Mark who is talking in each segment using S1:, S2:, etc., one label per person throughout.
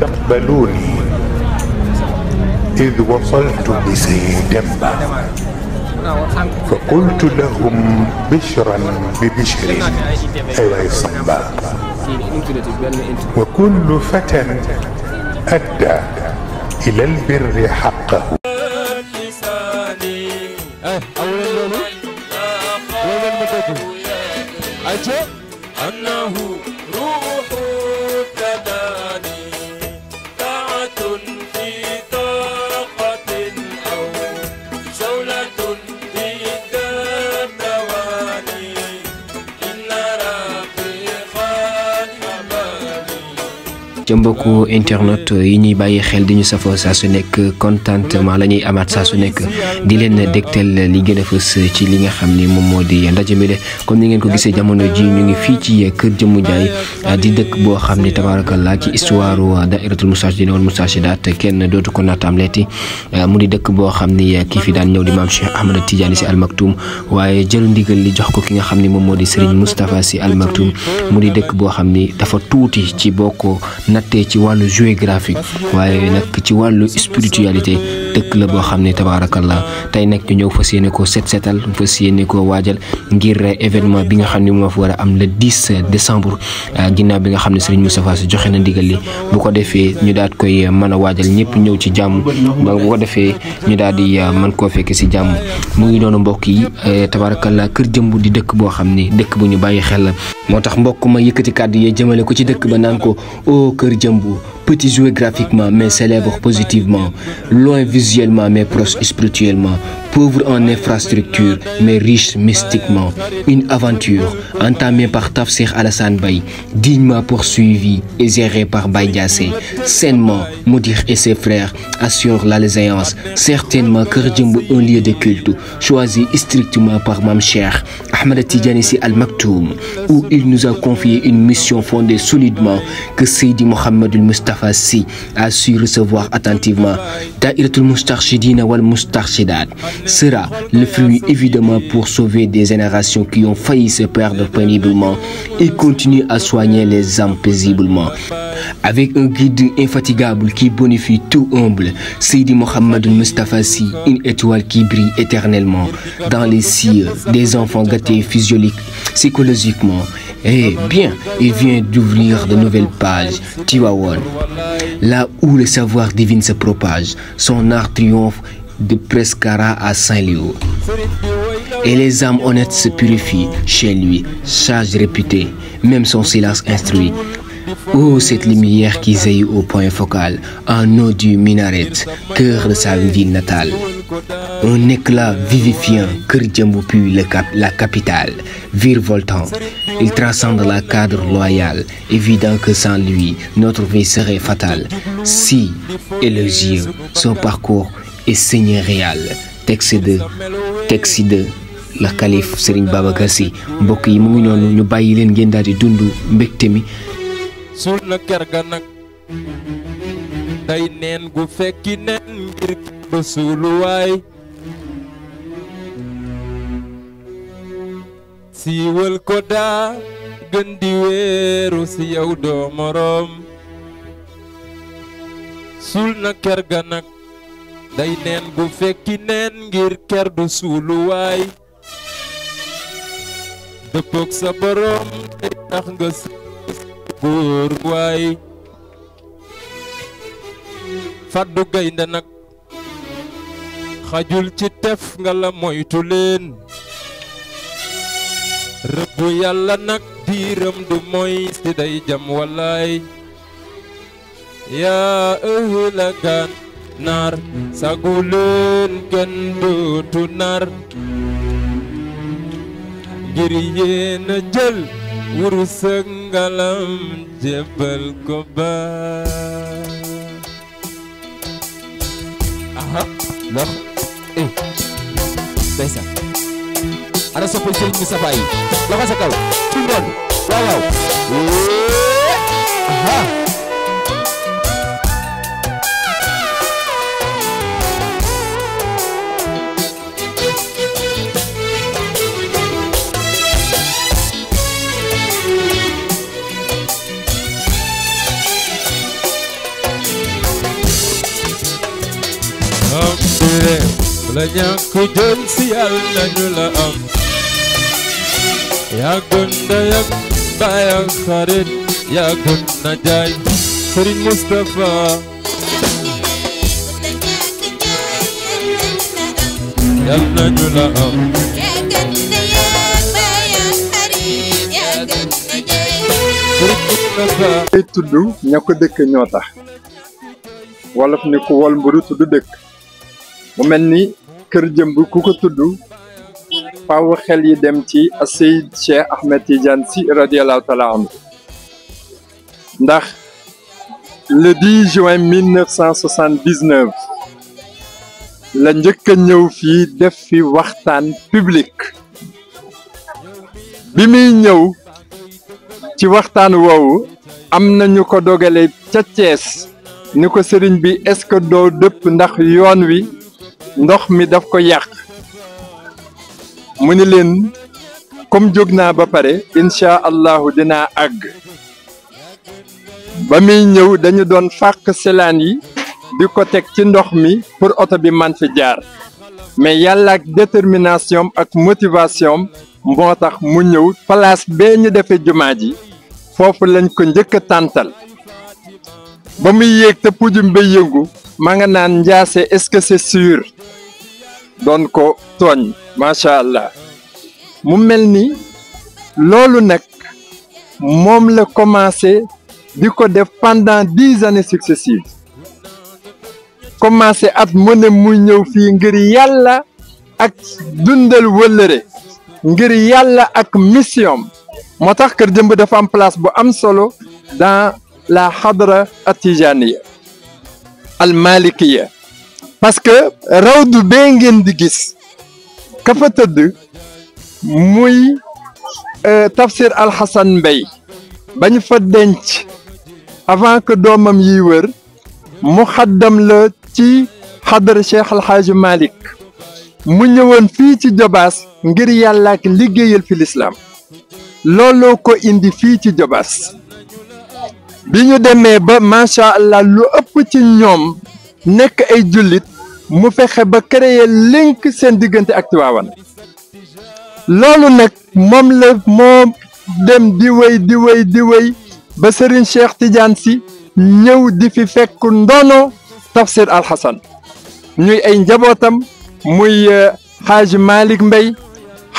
S1: تقبلوني إذ وصلت بسي فقلت لهم
S2: بشرا ببشر
S3: أي صبا
S4: وكل فتى
S2: أدى إلى البر
S4: حقه ca mbokku internet yi ñuy bàyyi xel di ñu safoo saa su nekk contentement la ñuy amaat saa su nekk di leen dégtal li gën a fës ci li nga xam ni moom moo di ndaje mi de comme ni ngeen ko gisee jamono ji ñu ngi fii ci kër Jëmmu Njaay di dëkk boo xam ni laa ci histoire dairatul moustarchidina wal moustarchidaat kenn dootu ko naataam leeti mu di dëkk boo xam ni kii fi daan ñëw di maam Cheikh Ahmad Tidiane si almaktum waaye jël ndigal li jox ko ki nga xam ni moom moo di Serigne Moustapha si almaktum mu di dëkk te ci wàllu géographique waaye nag ci wàllu spiritualité dëkk la boo xam ne tabaarakallah tey nag ñu ñëw fas yéene koo set setal fas yéene koo waajal ngir événement bi nga xam ne moo fa war a am le 10 décembre ah, ginnaaw bi nga xam ne Serigne Moustapha Sy joxe na ndigal li bu ko defee ñu daat koy mën a waajal ñëpp ñëw ci jàmm ba bu defee ñu daal di ah, mën koo fekke si jàmm mu ngi noonu mbokk yi eh, tabaarakallah kër jëmb di dëkk boo xam ne dëkk bu ñu bàyyi xel la moo tax mbokk ma yëkkati kàdd yee jëmale ko ci dëkk ba naan ko o oh, kër jëmb Peut-il jouer graphiquement, mais célèbre positivement. Loin visuellement, mais proche spirituellement pauvre en infrastructures, mais riche mystiquement. Une aventure entamée par Tafsir Alassane Bay, dignement poursuivie et gérée par Baïdiassé. Sainement, Moudir et ses frères assurent la léséance. Certainement, est un lieu de culte, choisi strictement par Mamcher, Ahmed Tidjanissi Al-Maktoum, où il nous a confié une mission fondée solidement que Sidi Mohamed Mustafa Si a su recevoir attentivement. Da'iratul Mustarchidina wal Mustarchidat sera le fruit évidemment pour sauver des générations qui ont failli se perdre péniblement et continuer à soigner les âmes paisiblement. Avec un guide infatigable qui bonifie tout humble, Sidi Mohamed Mustafa Si, une étoile qui brille éternellement dans les cieux des enfants gâtés physiologiquement psychologiquement. Eh bien, il vient d'ouvrir de nouvelles pages, Tiwawan. Là où le savoir divin se propage, son art triomphe de Prescara à Saint-Léo. Et les âmes honnêtes se purifient chez lui, sage réputé, même son silence instruit. Oh, cette lumière qui jaillit au point focal, en eau du minaret, cœur de sa ville natale. Un éclat vivifiant, Cœur de cap, la capitale, virevoltant. Il transcende la cadre loyale, évident que sans lui, notre vie serait fatale. Si élogieux, son parcours et seigneurial texte de mbokk yi mu ngi ñu bàyyi leen ngeen di dund mbégte mi.
S2: su la ker ga nag siiwal ko daa gën di wéeru si yow doo moroom day neen bu fekki neen ngir ker du suuluwaay dëppook sa borom te tax nga buur waay fàddu gaynde nag xajul ci tef nga la moytu leen rëbb yàlla nag diiram du moy si day jam wallaay yaa ëhla gaan nar sagulen kendo tunar nar ngir yéena jël wuru sa ngalam ko ba aha lox nah, eh daysa ada sopo jël mi sabayi loxo sa kaw tundon waaw waaw aha la ñàkku jëm sial yàlla ñu ya am yàggoon bayang baayam ya yàggoon ya na jaay Serigne Moustapha yàlla ñu la am yàggoon ndeyam baayam xarit yàggoon na jaay
S1: Serigne Moustapha ay tudd ña ko dëkk ñoo tax wolof ni ku wol mburu tudd dëkk mu mel kër jëmb ku ko tudd faw xel yi dem ci Seyd Cheikh Ahmed Tidiane Sy radiallahu taala anhu ndax le 10 juin 1979 la njëkk a ñëw fii def fi waxtaan public bi muy ñëw ci waxtaan woowu am na ñu ko dogale ca Thiès ni ko sëriñ bi est-ce que doo dëpp ndax yoon wi ndox mi daf ko yàq mu ni leen comme jóg naa ba pare incha allahu dinaa àgg ba muy ñëw dañu doon fàq selaan yi di ko teg ci ndox mi pour oto bi man fi jaar mais yàlla ak détermination ak motivation moo tax mu ñëw place bee ñu defee jumaa ji foofu lañ ko njëkk a bamuy vous te pujum bay yëngu ma nga est-ce que c'est sûr Donc ko ma sha allah mu melni lolou nak mom commencé pendant dix années successives commencer at mu muy ngir yalla ak dundal wëllëre ngir ak mission motax keur Jëmb dafa place bu am solo dans لا حضرة التيجانية المالكية باسكو رود بينغين ديكيس كيف تدو موي اه تفسير الحسن بي بني فدنج افان كو دومم يور مخدم لو تي حضر شيخ الحاج مالك مو نيوان في تي جباس نغير يالاك ليغيال في الاسلام لولو كو اندي في تي جباس biñu démé ba ma sha allah lu ëpp ci ñom nek ay julit mu fexe ba créer link seen digënté ak tiwawan lolu nak mom le mom dem di wéy di wéy di wéy ba Serigne Cheikh Tidiane si ñëw di fi fekk ndono Tafsir Al hasan ñuy ay njabotam muy haji malik Mbey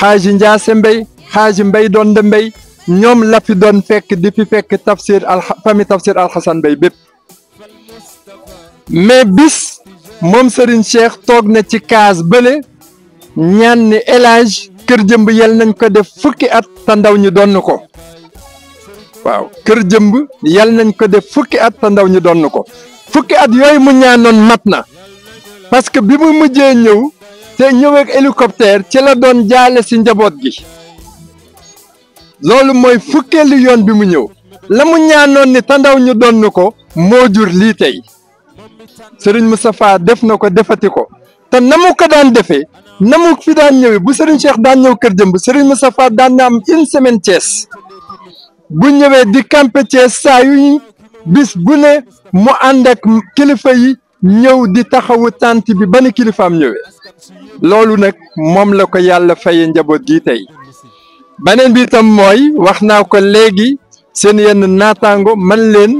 S1: haji Ndiasse Mbey haji Mbey Donde Mbey ñoom la fi doon fekk di fi fekk tafsir al fami tafsir alxasan bay bépp mais bis moom sëriñ Cheikh toog na ci kaas bële ñaan ni élage kër jëmb yal nañ ko def fukki at te ndaw ñi donn ko waaw kër jëmb yal nañ ko def fukki at te ndaw ñi donn ko fukki at yooyu mu ñaanoon mat na parce que bi mu mujjee ñëw te ñëw ak ci la doon jaale ci njaboot gi loolu mooy fukkeelu yoon bi mu ñëw la mu ñaanoon ni ndaw ñu doon ko moo jur lii tey Serigne safaa def na ko defati ko te na mu ko daan defee na mu fi daan ñëwee bu Serigne Cheikh daan ñëw kër jëmb Serigne Moustapha daan na am une semaine Thiès bu ñëwee di campé Thiès saa yu bis bu ne mu ànd ak kilifa yi ñëw di taxawu tant bi ba ni kilifaam ñëwee loolu nag moom la ko yàlla faye njaboot gi tey. beneen bi itam mooy wax naa ko léegi seen yenn naataango man leen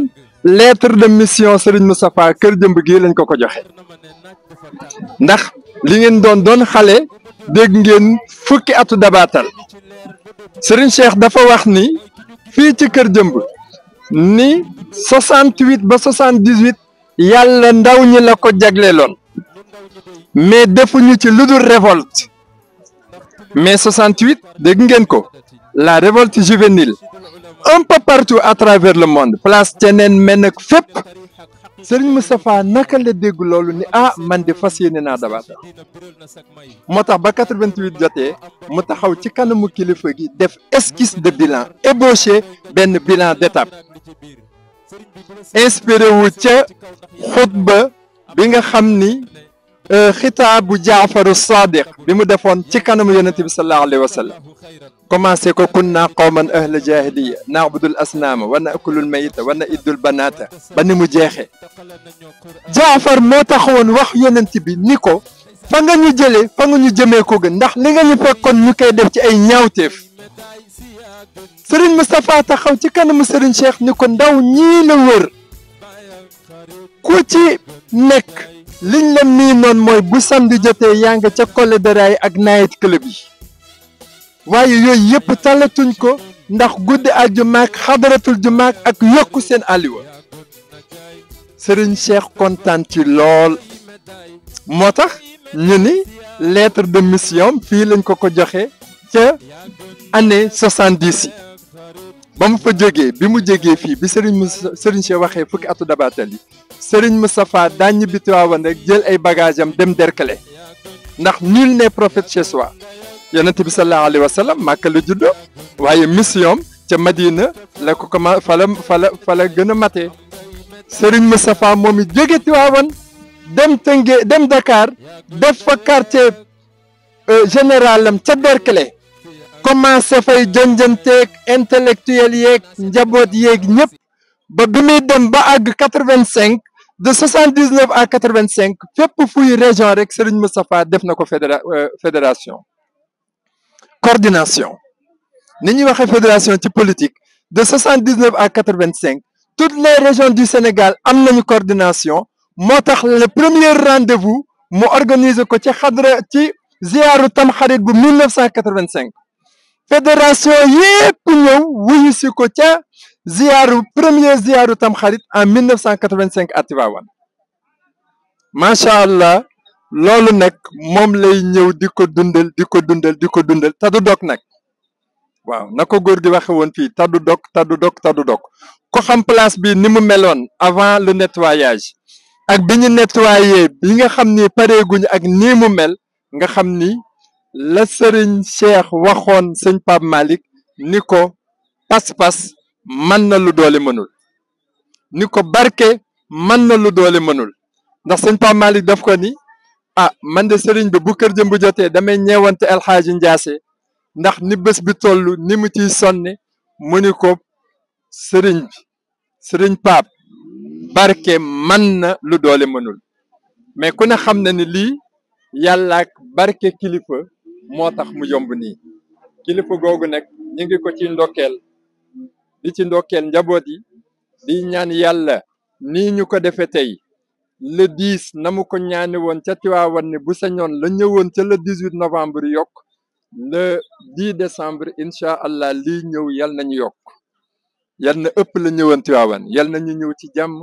S1: lettre de mission Serigne Moustapha kër jëmb gii lañ ko ko joxe ndax li ngeen doon doon xale dégg ngeen fukki atu dabaatal Serigne Cheikh dafa wax ni fii ci kër jëmb ni 68 ba 78 yàlla ndaw ñi la ko jagleeloon mais defuñu ci ludul révolte. mai 68 de la révolte juvénile un peu partout à travers le monde place Tiénène Menek Fep. Serigne Moustapha naka le dégg loolu ni ah man di fas na naa motax ba 88 jotee mu ci def esquisse de bilan ébauché ben bilan d'étape inspiré wu ca xutba bi nga xamni خطاب جعفر الصادق بمدفون تكنم يونتي صلى الله عليه وسلم كما سيكو كنا قوما أهل جاهلية نعبد الأسنام ونأكل الميت ونأيد البنات بني مجاخي جعفر موتخون وحي يونتي بي نيكو فانغا ني جيلي فانغا كوغن نحن كوغ نده ليغا ني فكون ني اي نياوتيف سيرين مصطفى تخاو تي كانو سيرين شيخ نيكو نداو ني لا كوتي نك liñ la miinoon mooy bu samedi jotee yaa nga ca kolederaay ak night club yi waaye yooyu yëpp talatuñ ko ndax guddi àjjuma ak xadaratul juma ak yokku seen àlliwa Serigne Cheikh kontaan ci lool moo tax ñu ni lettre de mission fii lañ ko ko joxe ca année soixante-dix yi ba mu fa jógee bi mu jógee fii bi sëriñ Serigne waxee fukki atu dabaatal yi سرين مصطفى داني بيتوا وانا جل اي باجاجم دم دركله نخ نيل ني بروفيت شسوا يونتي صلى الله عليه وسلم ما كل جدو واي ميسيوم تي مدينه لا كوكما فلا فلا فلا غنا ماتي سرين مصطفى مومي جيجيتوا وان دم تنجي دم دكار دف فا كارتي جنرالم تي دركله commencé fay jëndjëntek intellectuel yek njabot yek ñep ba bi mi dem ba ag 85 de 79 à 85 fepp fuy région rek Serigne Moustapha def euh, fédération coordination ni avons fédération ci politique de 79 à 85 toutes les régions du Sénégal am une coordination motax le premier rendez-vous mo organiser ko ci xadra ci ziyaaru bu 1985 fédération yépp ñew wuyu Ziaru premier tam tamxarit en 1985 à Tivawan. Masha'allah, allah loolu nag mom lay ñëw di ko dundal diko dundal di ko dundal tadudok, dog nag na ko xam place bi ni mu avant le nettoyage ak biñu nettoyer. nettoyé bi nga xam ni ak mel nga xam ni la Cheikh waxone serigne Pape malik niko pas mën na lu doole mënul ni ko barke man na lu doole mënul ndax sëñ Pape Malick daf ko ni ah man de sëriñ bi bu kër jëmb jotee damay ñeewante El Hadji Ndiassé ndax ni bés bi toll ni mu ciy sonne mu ni ko sëriñ bi sëriñ Pape barke man na lu doole mënul mais ku ne xam na ni lii yàlla ak barke kilifa moo tax mu yomb nii kilifa googu nag ñu ngi ko ci ndokkeel di ci ndokkeel njaboot yi di ñaan yàlla ni ñu ko defee tey le 10 na mu ko ñaane woon ca Tiwaawan ne bu sañoon la ñëwoon ca le 18 novembre yokk le 10 décembre incha allah lii ñëw yal nañu yokk yal na ëpp la ñëwoon Tiwaawan yal nañu ñëw ci jàmm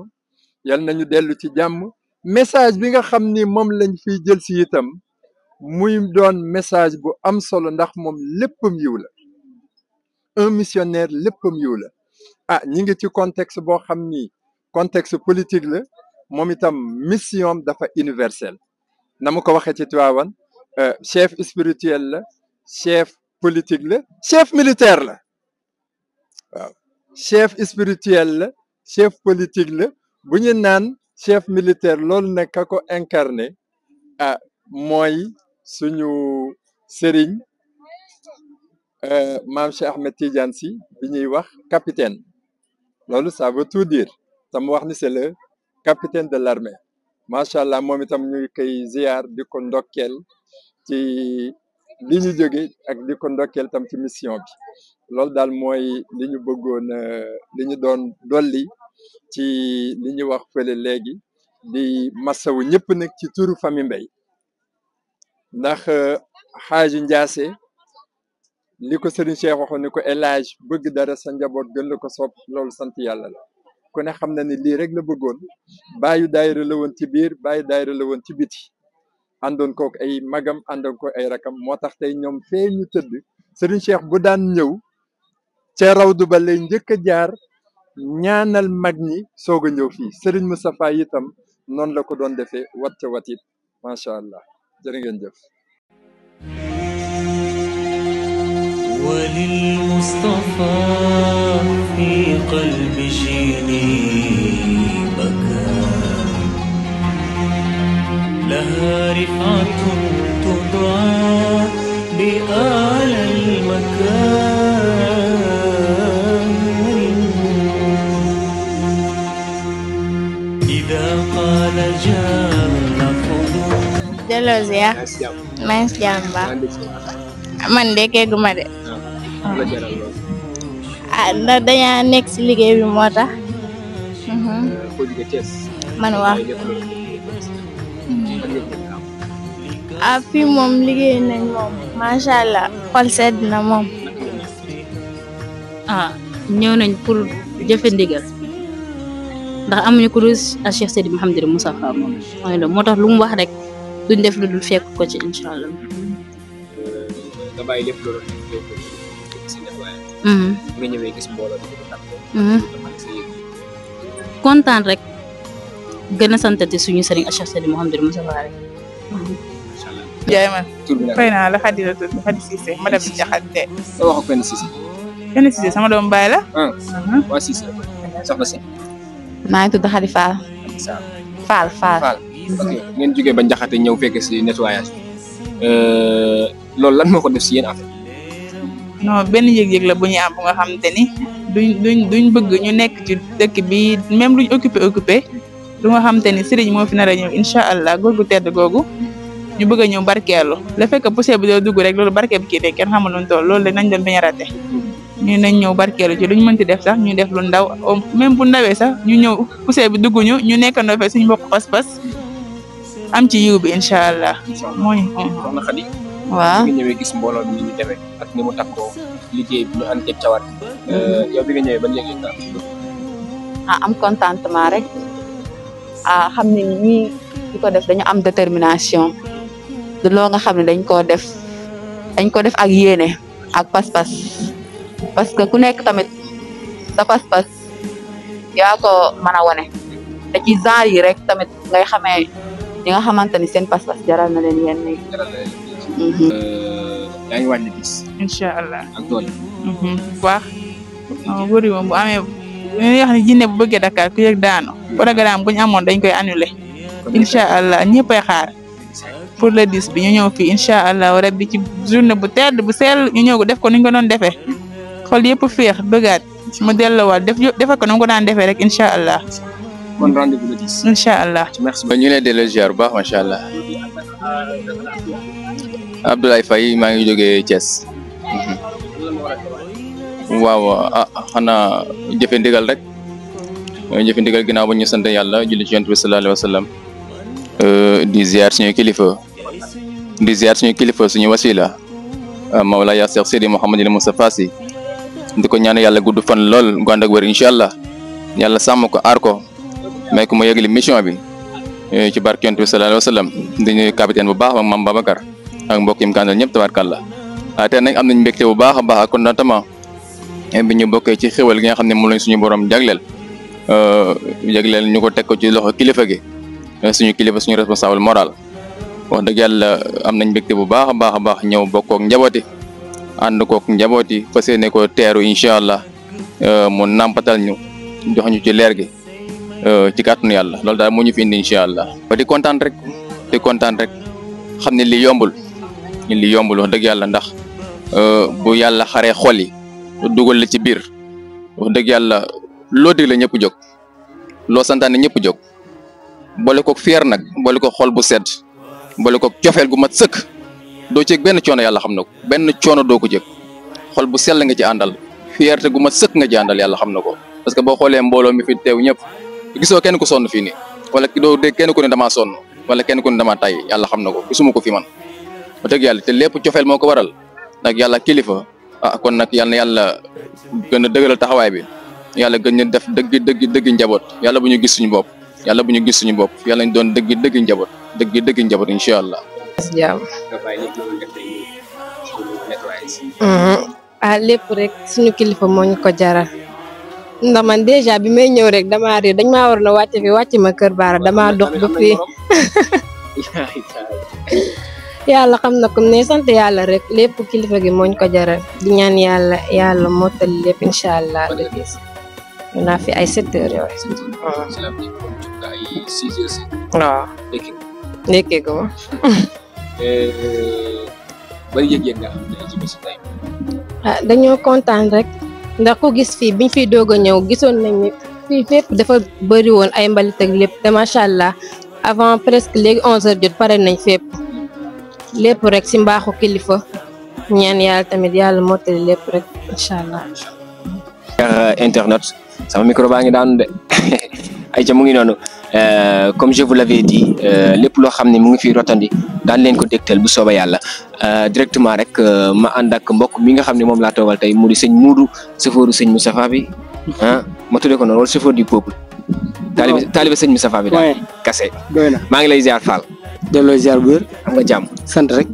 S1: yal nañu dellu ci jàmm message bi nga xam ni moom lañ fiy jël si itam muy doon message bu am solo ndax moom léppam yiw la un missionnaire le premier, à la ah contexte bon xamni contexte politique le moment mission dafa universelle na waxe ko euh, chef spirituel chef politique le chef militaire chef spirituel chef politique le bu ñu chef militaire loolu n'a ka ko incarné ah mooy suñu sëriñ Euh, maam Cheikh Ahmed Tidiane si bi ñuy wax capitaine loolu ça veut tout dire tam wax ni c'est le capitaine de l'armée macha allah moom itam ñu koy ziar di ko ndokkeel ci li ñu jóge ak di ko tam ci mission bi loolu daal mooy li ñu bëggoon euh, li ñu doon dolli ci li ñu wax fële léegi di wu ñëpp nekk ci turu famille Mbaye ndax xaaju euh, Njaase li ko Serigne Cheikh waxoon ni ko élage bëgg dara sa njaboot gën la ko sop loolu sant yàlla la ku ne xam na ni lii rek la bëggoon bàyyu daayira la woon ci biir bàyyu daayira la woon ci biti àndoon kook ay magam àndoon ko ay rakam moo tax tey ñoom fee ñu tëdd Serigne Cheikh bu daan ñëw ca rawdu ba lay njëkk a jaar ñaanal mag ñi soog a ñëw fii Serigne Moustapha itam noonu la ko doon defee wat ca watit macha allah jërë ngeen jëf
S2: وللمصطفى في قلب جيلي بكى لها رفعة تدعى بأعلى المكان إذا قال جاء
S5: Jelos ya, main siang bang. Aman deh kayak la jaral ah ndax dañaa nekk si liggéey bi moo tax. koo
S4: mm-hmm. mm-hmm. jóge man waaw. Mm-hmm.
S5: ah fii moom liggéey nañ moom macha allah xol sedd na moom. ah ñëw nañ pour jëfe ndigal ndax amuñu ku dul a ah, Cheikh Seydi Mouhamadou Moussa moom moo tax lu mu wax rek duñ def lu dul fekk ko ci incha allah.
S4: Mm. Mi ñëwee gis di hmm.
S5: rek gën a santati suñu sëriñ Cheikh Seydi Mouhamadou Moustapha rek. jaay man fay la xadi la tudd xadi Cissé madame Diakhaté. nga wax ak sama doom baay la. waa Cissé soxna si. maa ngi tudd xadi fal
S4: fal fal ok ngeen jógee ba Diakhaté ñëw fekk si nettoyage eh, loolu lan moo def affaire.
S5: non benn yëg-yëg la bu ñu am bu nga xamante ni duñ duñ bëgg ñu nekk ci dëkk bi même luñ occupé occupé lu nga xamante ni sëriñ moo fi nar a ñëw incha allah googu tedd googu ñu bëgg a ñëw barkeelu le fait que poussière bi doo dugg rek loolu barke bi kii de kenn xamul lu loolu de nañ doon bañ a raté ñu nañ ñëw barkeelu ci luñ mënti def sax ñu def lu ndaw même bu ndawee sax ñu ñëw poussière bi dugg ñu ñu nekkandoo fee suñ mbokk pas-pas am ci yiw bi incha allah moo ñu.
S6: waaw bi nga ñëwee gis mbooloo bi ñu demee ak ni mu takkoo
S4: liggéey bi ñu cawat yow bi nga ñëwee ban yëgee nga
S5: ah am contentement rek ah xam ne ñii di ko def dañu am détermination du loo nga xam ne dañ koo def dañ ko def ak yéene ak ah, pas-pas parce que ku nekk tamit sa pas-pas yaa ko mën a wane te ci genre yi rek tamit ngay xamee ñi nga xamante ni seen pas-pas jaral na leen yenn yi Mm-hmm. yaa allah ak doole. Mm-hmm. bu baax. wóor yi moom bu amee jinne bu bëggee dakaar ku yëg daanu. programme bu ñu amoon dañ koy annulé. incha allah ñëpp ay xaar. pour le 10 bi ñu ñëw fii incha allah bi ci journée bu tedd bu seel ñu ñëw ko def ko ni ñu ko doon defee. xol yëpp féex bëggaat mu delloowaat def defal ko ni ko daan defee rek incha allah. kon allah.
S7: merci beaucoup ñu ngi lay delloo ziar bu baax macha allah. Abdoulaye fay maa ngi jógee Thiès.
S2: Mhm.
S7: waaw ah xanaa jëfe ndigal rek jëfe ndigal ginnaaw ba ñu sant yàlla julli ci yonent bi sallallahu alayhi wa sallam euh, di ziar kilifa di ziar suñu kilifa suñu wasila euh, Mawla yaa Seex Sidi Mouhamadul Moustapha Sy di ko ñaan yàlla gudd fan lool gu ànd ak wér incha allah yàlla sàmm ko aar ko may ko mu yëgli mission bi euh, ci barke yonent bi sallallahu alayhi di nuyu capitaine bu baax ak maam Babacar. ak mbokk yim kàndal tawar kala ate nag am nañ mbégte bu baax a baax ak contentement bi ñu bokkee ci xéwal gi nga xam ne moom lañ suñu borom jagleel eh, ko ko ci loxo kilifa gi eh, suñu kilifa suñu responsable moral wax deug yalla eh, am nañ mbégte bu baax baax baax ñew bokko ak njaboti and ko ak njaboti fassé yéene ko téru inshallah euh mu nampatal ñu jox ñu ci lèr gi ci kàttanu yalla lool da mo ñu fi indi inshallah ba di rek di kontan rek xam li yombul ni li yombul wax dëgg yàlla ndax euh, bu yàlla xaree xol yi dugal la ci biir wax dëgg yàlla loo digle ñëpp jog loo santaane ñëpp jóg boole koog fier nag boole koog xol bu sedd boole koog cofeel gu mat sëkk doo ci benn coono yàlla xam na ko benn coono doo ko jëg xol bu sell nga ci àndal fierté gu mat sëkk nga ci àndal yàlla xam na ko parce que boo xolee mbooloo mi fi teew ñëpp gisoo kenn ku sonn fii nii wala doo dégg kenn ku ne damaa sonn wala kenn ku ne damaa tay yàlla xam na ko gisuma ko fi man. deug yalla te lepp ciofel moko waral nak yalla kilifa ah kon nak yalla yalla gëna gën taxaway bi yalla gën ñu def deug deug deug njabot yalla buñu gis suñu bop yalla buñu gis suñu bop yalla ñu doon deug deug njabot deug deug njabot inshallah allah.
S4: Mhm.
S6: ah lepp rek suñu kilifa moo ñu ko jara ndax man déjà bi may ñëw rek dama réer dañ ma waroon a fi wacc ma kër baara dama dox ba fi yàlla xam na ko ne sant yàlla rek lépp kilifa gi mooñ ko jaral di ñaan yàlla yàlla mottali lépp incha allah dëgis naa fi ay sept heures yooyu waaw ah, ah.
S4: eh,
S6: ah, dañoo kontaan rek ndax ku gis fii biñ fi doog a ñëw gisoon nañ ne fii fépp dafa bëri woon ay mbalit ak lépp te macha allah avant presque léegi onze heures jot pare nañ fépp lépp rek si mbaaxu kilifa ñaan yàlla tamit yàlla mottali lépp rek
S4: euh, internet sama micro baa ngi daanu de ayca mu ngi noonu euh, comme je vous l'avais dit euh, lépp loo xam ni mu ngi fi rotandi daan leen ko dégtal bu sooba yàlla directement rek ma ànd ak mbokk mi nga xam ne moom laa toogal tey mu di sëñ Muudu sëfooru sëñ Moustapha bi ah ma tuddee ko noonu wala sëfoor du peuple. a taalibe sëñ Moustapha bi daal kase doy na maa ngi lay ziar Fall delloo ziar bu wér am nga jàmm sant rek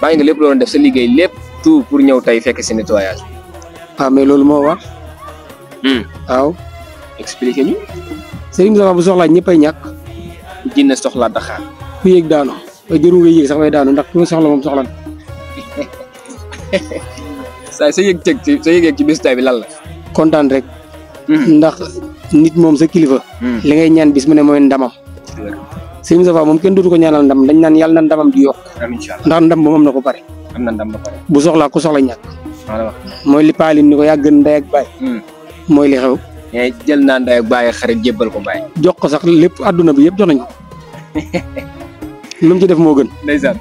S4: bàyyi nga lépp loolu def sa liggéey lépp tout pour ñëw tey fekk si nettoyage
S6: waaw mais loolu moo wax
S4: hmm. waaw expliqué ñu
S6: sëriñ Moustapha bu soxlaa ñëppay ñàkk
S4: jinne soxlaa daxaar
S6: ku yéeg daanu ba jëru nga yéeg sax bay daanu ndax ku soxla moom soxla saa sa yëg teg ci sa
S4: yëg ci bis tay bi lan la
S6: kontaan rek hmm. ndax nit moom sa kilifa. Hmm. li ngay ñaan bis mu ne mooy ndamam. sëriñ Moustapha moom kenn dootu ko ñaanal ndam dañ naan yàlla na ndamam di yokk. ndax ndam moom na ko pare.
S4: am na ndam ba bu soxlaa
S6: ku soxla ñàkk. mooy li paalin ni ko yàgg ndey ak baay. Hmm. mooy li xew.
S4: mais eh, jël naa ndey ak baay xarit ko baay.
S6: jox ko sax lépp adduna bi yëpp jox nañ ko. lu ci def moo gën.
S4: ndeysaan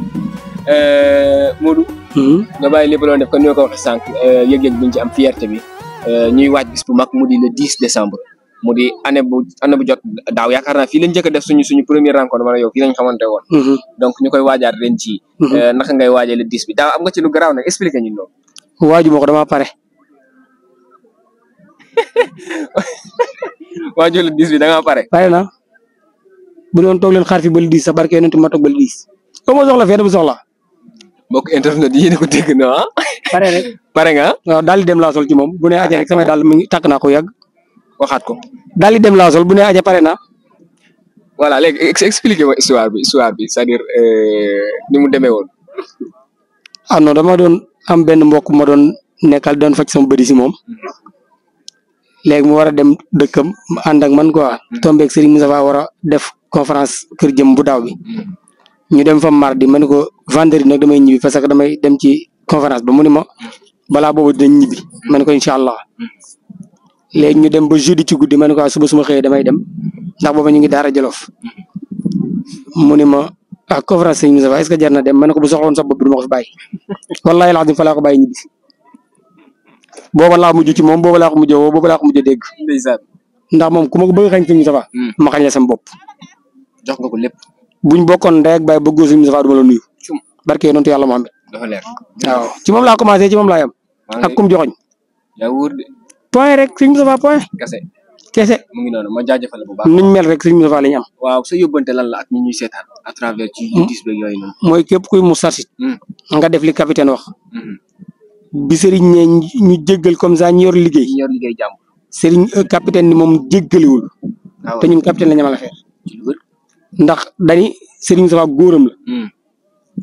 S4: eh, Modou. Hmm? nga bàyyi lépp loo def ñoo ko sànq eh, yëg-yëg bi ñu ci bi ñuy waaj bis bu mag mu di le mudi oh. ane bu ane bu jot daw yaakaar naa fii lañ njëkk def suñu suñu premier rencontre wala yow fi lañu xamanté won mm-hmm. donc ñukoy wajjar waajaat ci mm-hmm. eh, nak ngay le 10 bi daaw am nga ci lu graw nak expliquer ñu non
S6: waju moko dama paré
S4: waju le 10
S6: bi da nga paré paré na bu doon tok leen xaar fi ba le 10 sa barké ñent ma tok ba le 10 ko mo soxla fee dama soxla bok internet yi yéen ko dégg na ah. paré rek paré nga dal dem la sol ci mom bu ne aja rek sama dal mi tak na ko yag waxat ko dal di dem la sol bu ne aja paré na
S4: voilà légui expliquer histoire bi histoire bi c'est-à-dire euh
S6: ni mu démé won ah non dama don am ben mbokk ma don nekkal don faj sama bëri ci mom légui mu wara dem dëkkam and ak man quoi tombé ak Serigne Moustapha wara def conférence keur jëm bu daw bi ñu dem fa mardi ma ko vendredi nak damay ñibi parce que damay dem ci conférence ba mu ni ma bala bobu dañ ñibi ma ne ko incha léegi dem ba jeudi ci guddi ma ne ko suba suma xëyee damay dem ndax booba ñu ngi daara jolof mu ne ma ah conférence sëñ Moussa est-ce que jar na dem ma ne ko bu soxloon sax bopp du ma ko fi bàyyi wallaahi laa xam fa laa ko bàyyi ñu gis booba laa mujj ci moom booba laa ko mujjee woo booba laa ko mujjee dégg. ndax moom ku ma ko bëgg a xañ sëñ Moussa hmm. ma xañ la sama bopp. jox nga ko lépp. buñ bokkoon ndey ak baay bëggoo sëñ Moussa
S4: ak kum joxoñ yaa wóor de
S6: point rek sëñ Moustapha point. kese kese.
S4: mu ngi noonu ma jaajëfal bu baax. nuñ
S6: mel rek sëñ Moustapha la ñu am. waaw sa yóbbante lan la ak ñi ñuy seetaan à travers ci hmm? mooy képp kuy Moustarchid. Hmm. nga def li capitaine wax. Hmm. bi sëriñ ne ñu jéggal comme ça ñu yor liggéey. ñu yor liggéey jàmm. sëriñ euh, capitaine ni moom jéggaliwul. Ah, te ñun capitaine la ñu ndax dañuy sëriñ Moustapha góoram la.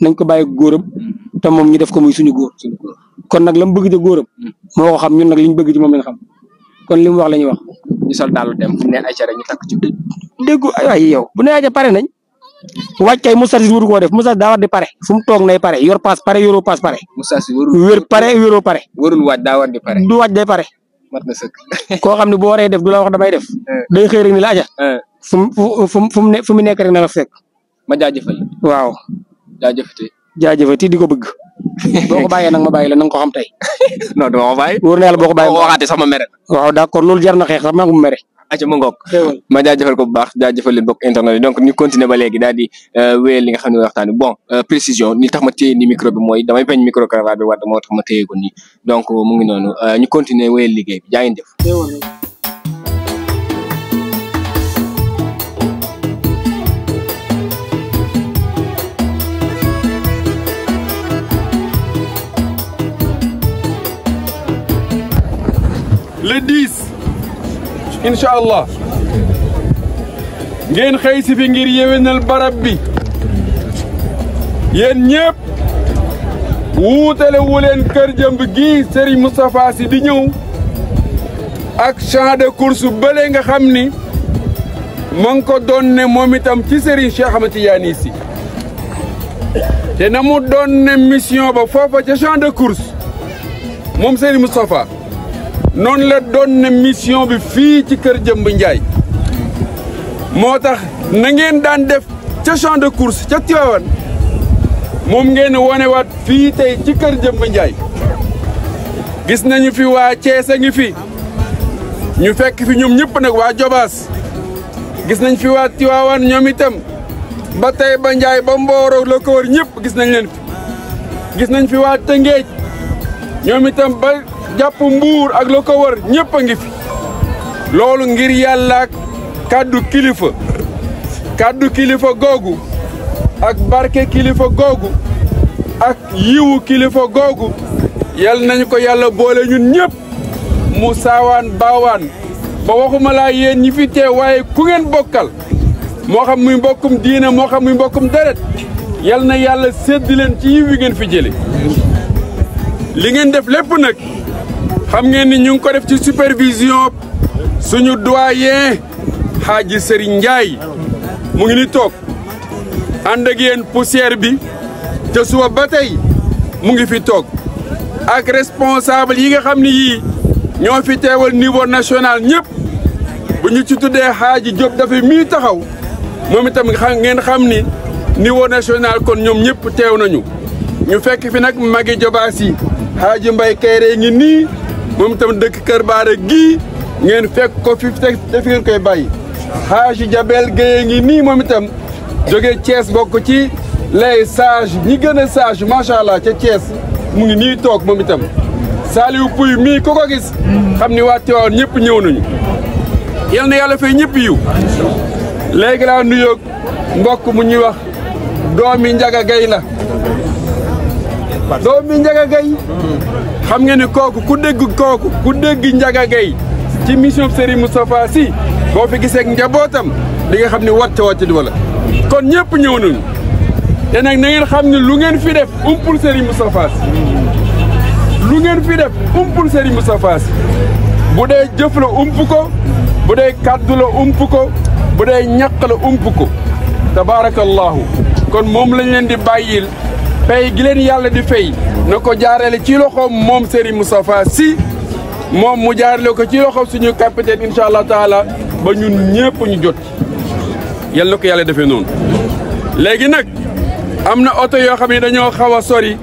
S6: nañ ko bàyyi góoram. te moom ñu def ko muy suñu góor. kon nak lam bëgg ci góoram moko ko xam ñun nak liñ bëgg ci mom lañ xam kon lim wax lañuy wax ñu sol dalu dem bu neen ay cere ñu tak ci deggu ay way yow bu neen ay pare nañ waccay kay Moussa Cissé ko def Moussa da war di pare fu mu nay pare yor pass pare yoro pass pare Moussa Cissé wuru wér pare yoroo pare warul waaj daa war di pare du wacc day pare mat na sëkk ko xamni bo waré def du la wax damay def eh. day xey rek ni la aja eh. fu fu fu mu ne fu nekk rek na la fekk ma jaajeufal waaw jaajeufati jaajeufati diko bëgg boo ko bàyyee nag ma bàyyi la na ko xam tey. non dama ko bàyyi. wóor na yàlla boo ko bàyyi ma waxaatee sax ma mere. waaw d'accord loolu jar na xeex sax maa ngi ma ngoog ma
S4: bu baax jaajëfal leen bokk internet yi donc ñu continuer ba léegi daal di euh, wéyal li nga xam ne waxtaan bi bon euh, précision li tax ma téye ni micro bi mooy damay bañ micro cravate bi war moo tax ma téye ko nii donc mu ngi noonu euh, ñu continuer wéyal liggéey bi jaa
S3: لديس ان شاء الله ген خيس في غير يوين البربي ين نيب ووتال ولين كير جنب جي سيري مصطفى سي دي نيو اك شان دو كورس بلغا خامني مان كو دون موميتام سي سيري شيخ احمد يانيسي تي نامو دون ميسيون با فوفا تي شان دو كورس موم سيري مصطفى noonu la doon ne mission bi fii ci kër Jëmb Njaay moo tax na ngeen daan def ca champ de ca Tiwaawan moom ngeen wonewaat fii tey ci kër Jëmb Njaay gis nañu fi waa Cees ngi fi ñu fekk fi ñoom ñëpp nag waa Jobaas gis nañ fi waa Tiwaawan ñoom itam ba tey ba Njaay ba Mbooro la ko wër ñëpp gis nañ leen fi gis nañ fi waa Tëngéej ñoom ba jàpp mbour ak lo ko wër ñepp a ngi fi lolu ngir yalla kaddu kilifa kaddu kilifa gogu ak barke kilifa gogu ak yiwu kilifa gogu yal nañ ko yalla boole ñun ñepp mu saawaan baawaan ba waxuma la yeen ñi fi tee waye ku ngeen bokkal mo xam muy mbokkum diina mo xam muy deret yal na yalla sédd len ci yiwu ngeen fi jele li ngeen def lepp nak xam ngeen ni ñu ngi ko def ci supervision suñu doyen Hadji sëriñ Ndiaye mu ngi ni toog ànd ak yéen poussière bi te suba ba tey mu ngi fi toog ak responsable yi nga xam ni yii ñoo fi teewal niveau national ñëpp bu ñu ci tuddee Hadji Diop dafa mii taxaw moom itam ngeen xam ni niveau national kon ñoom ñëpp teew nañu ñu fekk fi nag Magui Diobass yi Hadji Mbaye ngi nii moom itam dëkk Kër Baare gii ngeen fekk ko fi te fi ngeen koy bay Haji Jabel Guèye ngi nii moom itam jóge Thiès bokk ci les sages ñi gën a sage macha allah ca Thiès mu ngi nii toog moom itam Saliou Pouy mii ku ko gis xam ni waa Tivaouane ñëpp ñëw nañu yal na yàlla fay ñëpp yiw léegi laa nuyoog mbokk mu ñuy wax doomi Njaga Gay la doomi Njaga Gay xam ngeen ni kooku ku dégg kooku ku dégg njaga gay ci mission Serigne Moustapha si boo fi gisee njabootam di nga xam ni wàcce wàcce di wala kon ñëpp ñëw nañu te nag na ngeen xam ni lu ngeen fi def umpul Serigne Moustapha si lu ngeen fi def umpul Serigne Moustapha si bu dee jëf la ump ko bu dee kaddu la ump ko bu dee ñàq la ump ko tabaarakallahu kon moom lañ leen di bàyyil pay gileen yàlla di fay na ko jaarale ci loxoom moom Serigne Moustapha si moom mu jaarale ko ci loxoom suñu capitaine incha allah taala ba ñun ñëpp ñu jot yal na ko yàlla defee noonu. léegi nag am na oto yoo xam ne dañoo xaw a sori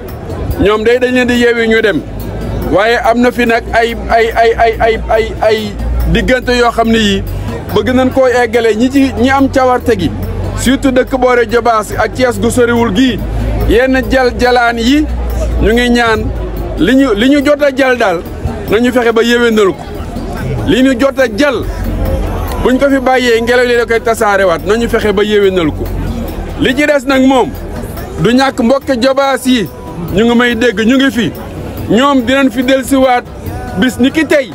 S3: ñoom day dañ leen di yeewi ñu dem waaye am na fi nag ay ay ay ay ay ay ay diggante yoo xam ne yii bëgg nañ koo eggale ñi ci ñi am cawarte gi surtout dëkk boore Jobaas ak Cees gu soriwul gii. yenn jal jalan yi ñu ngi ñaan li ñu li ñu jot a jal daal nañu fexe ba yéwénal ko li ñu jot a jal buñ ko fi bàyyee ngelaw li da koy tasaarewaat nañu fexe ba yéwénal ko li ci des nag moom du ñàkk mbokk jobaas yi ñu ngi may dégg ñu ngi fi ñoom dinañ fi bis ni ki tey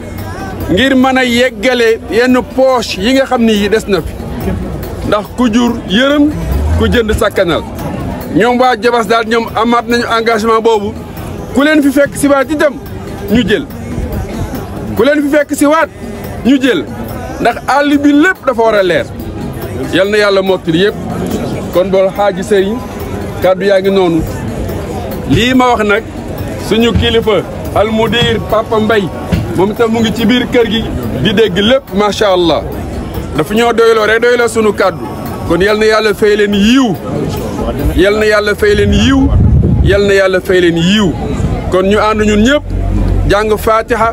S3: ngir mën a yeggale yenn poche yi nga xam ni yi des na fi ndax ku jur yërëm ku jënd sakkanal ñom wa jabas dal ñom amat nañu engagement bobu ku len fi fekk si waat itam ñu jël ku len fi fekk ci wat ñu jël ndax àll bi lepp dafa wara a leer yalla na yalla mottali yëpp kon bol xaaji sëriñ kaddu yaangi nonu li ma wax nak suñu kilifa mudir papa mbay mom tam mu ngi ci bir kër gi di dégg ma sha allah dafa ñoo doylo rek doylo sunu kaddu kon yalla na yalla fay leen yiiw yal na yàlla fay leen yiw yal na yàlla fay leen yiw kon ñu ànd ñun ñëpp jàng fatiha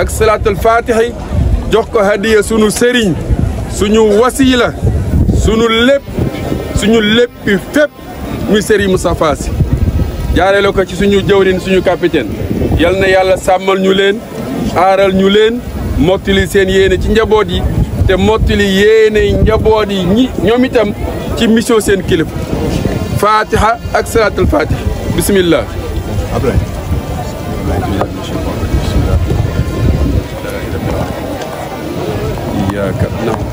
S3: ak salaatul fatihi jox ko hadiya sunu sëriñ suñu wasiila sunu lépp suñu léppi fépp muy sëriñ Moustapha Sy jaareele ko ci suñu jëwriñ suñu capitaine yal na yàlla sàmmal ñu leen aaral ñu leen mottali seen yéene ci njaboot yi te mottali yéene njaboot yi ñi ñoom itam ci mission seen kilifa الفاتحة أكثر أكسرة الفاتحة بسم الله إياك نعم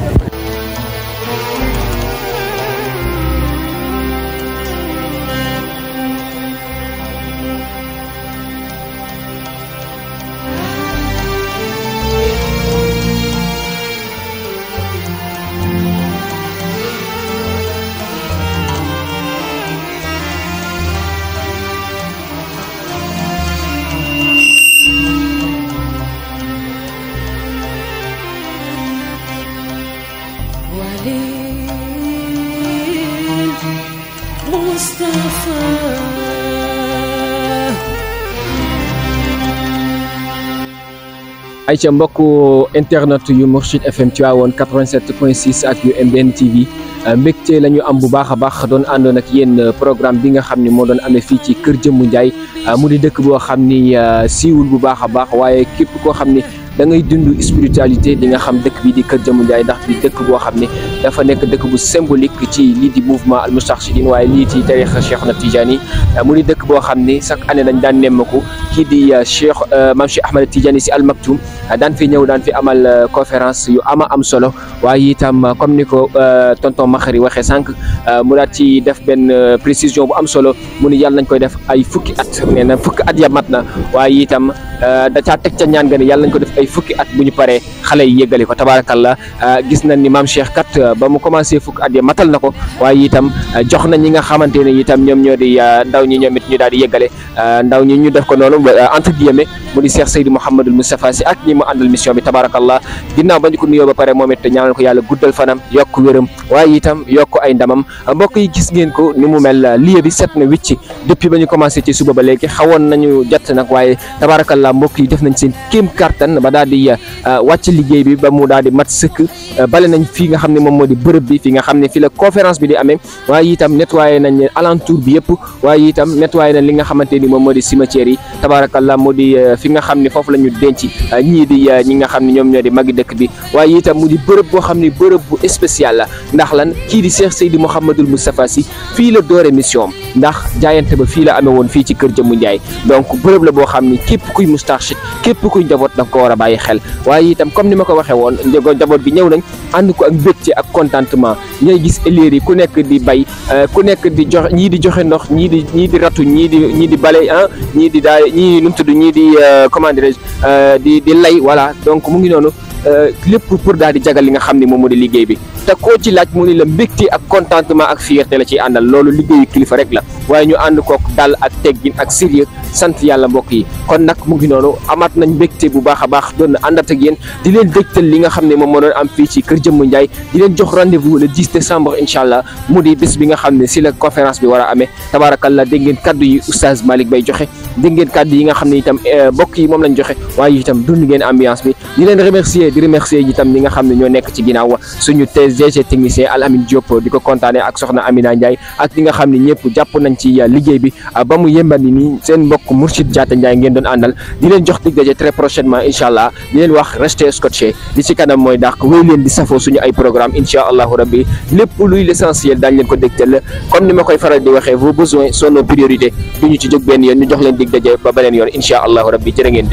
S4: ay ca mbokku internet yu Mourchid FM Tivaouane 87.6 ak yu MBN TV euh, mbégte la ñu am bu baax a baax doon àndoon ak yéen euh, programme bi nga xam ni moo doon amee fii ci kër Jëmmu Njaay euh, mu di dëkk boo xam ni siiwul bu baax a baax waaye képp koo xam ni. da ngay dund spiritualité di nga xam dëkk bi di Kër Jamu Njaay ndax bi dëkk boo xam ne dafa nekk dëkk bu symbolique ci lii di mouvement al moustarchidine waaye lii ci tarixa Cheikh na Tidiane mu di dëkk boo xam ne chaque année dañ daan nemmaku kii di Cheikh maam Cheikh Ahmed Tidiane si Al Maktoum daan fi ñëw daan fi amal conférence yu ama am solo waaye itam comme ni ko tonton Makhari waxee sànq mu daat ci def benn précision bu am solo mu ni yàlla nañ koy def ay fukki at nee na fukki at ya mat na waaye itam Euh, da caa teg ca ñaan nga yàlla nañ ko def ay fukki at bu ñu paree xale yi yëggali ko tabaarakalla ah, gis nañ ni maam Cheikh kat ah, ba mu commencé fukk at matal na ko waaye itam ah, jox na ñi nga xamante ne itam ñoom ñoo di ndaw ñi ñoom it ñu daal di yëggale ndaw ñi ñu def ko noonu entre guillemets mu di Cheikh Seydou Mouhamadul Moustapha si ak ñi mu àndal mission bi tabaarakalla ginnaaw bañ ko nuyoo ba pare moom it ñaanal ko yàlla guddal fanam yokk wéram waaye itam yokk ay ndamam mbokk yi gis ngeen ko ni mu mel lieu bi set na wicc depuis ba ñu commencé ci suba ba léegi xawoon nañu jot nag waaye tabaarakalla mbokk yi def nañ seen kéem kattan ba daal liggéey bi ba mu daal di mat sëkk euh, bale nañ fii nga xam ne moom moo di bërëb bi fii nga xam ne fii la conférence bi di amee waaye itam nettoyé nañ alentour bi yëpp waaye itam nettoyé nañ li nga xamante ni moom moo di cimetière yi tabarakallah moo di euh, fi nga xam ni foofu la ñu denc euh, ñii di ñi nga xam ne ñoom ñoo di magi dëkk bi waaye itam mu di bërëb boo xam ni bërëb bu spécial la ndax lan kii di seex Cheikh Seydi Mouhamadul Moustapha si fii la doore mission ndax jaayante ba fii la amee woon fii ci kër Jëmmu Njaay donc bërëb la boo xam ne képp kuy moustarchid képp kuy njaboot da ko war a bàyyi xel ni ma ko waxee woon njëgo njaboot bi ñëw nañ ànd ko ak mbégte ak contentement ñooy gis élèves yi ku nekk di bay euh, ku nekk di jox ñii di joxe ndox ñii di ñii di ratu ñii di ñii di bale ah ñii di daal ñii nu tudd ñii di euh, comment dirais je euh, di di lay voilà donc mu ngi noonu lépp pour daal di jagal li nga xam ni moom moo di liggéey bi te koo ci laaj mu ni la mbégte ak contentement ak fierté la ciy àndal loolu liggéeyu kilifa rek la waaye ñu ànd kook dal ak teg teggin ak sérieux sant yàlla mbokk yi kon nag mu ngi amaat nañ mbégte bu baax a baax doon àndat ak di leen dégtal li nga xam ne moom moo doon am fii ci kër Jëmm Ndiaye di jox rendez-vous le 10 décembre incha allah mu di bi nga xam ne si la conférence bi war a amee tabaarakallaa dégg ngeen kaddu yi oustaz joxe dégg ngeen kaddu nga xam ne itam eh, mbokk yi moom lañ joxe waaye itam dund ngeen ambiance bi di leen remercier di remercier itam ñi nga xam ne ñoo nekk ci ginnaaw suñu thèse GG technicien alamin Diop di ko ak soxna Amina Ndjay ak li nga xamni ñepp japp nañ ci uh, liggéey bi uh, ba mu yëmbandi ni seen mbokk Mourchid Diatta Ndjay ngeen doon andal di leen jox dig dajé très prochainement inshallah allah di leen wax rester scotché li ci kanam moy dakk way leen di safo suñu ay programme inshallah rabbi lepp luy l'essentiel dañ leen ko dektel comme ni koy faral di waxé vos besoins sont nos priorités duñu ci jog ben yoon ñu jox leen dig dajé ba benen yoon inshallah rabbi ngeen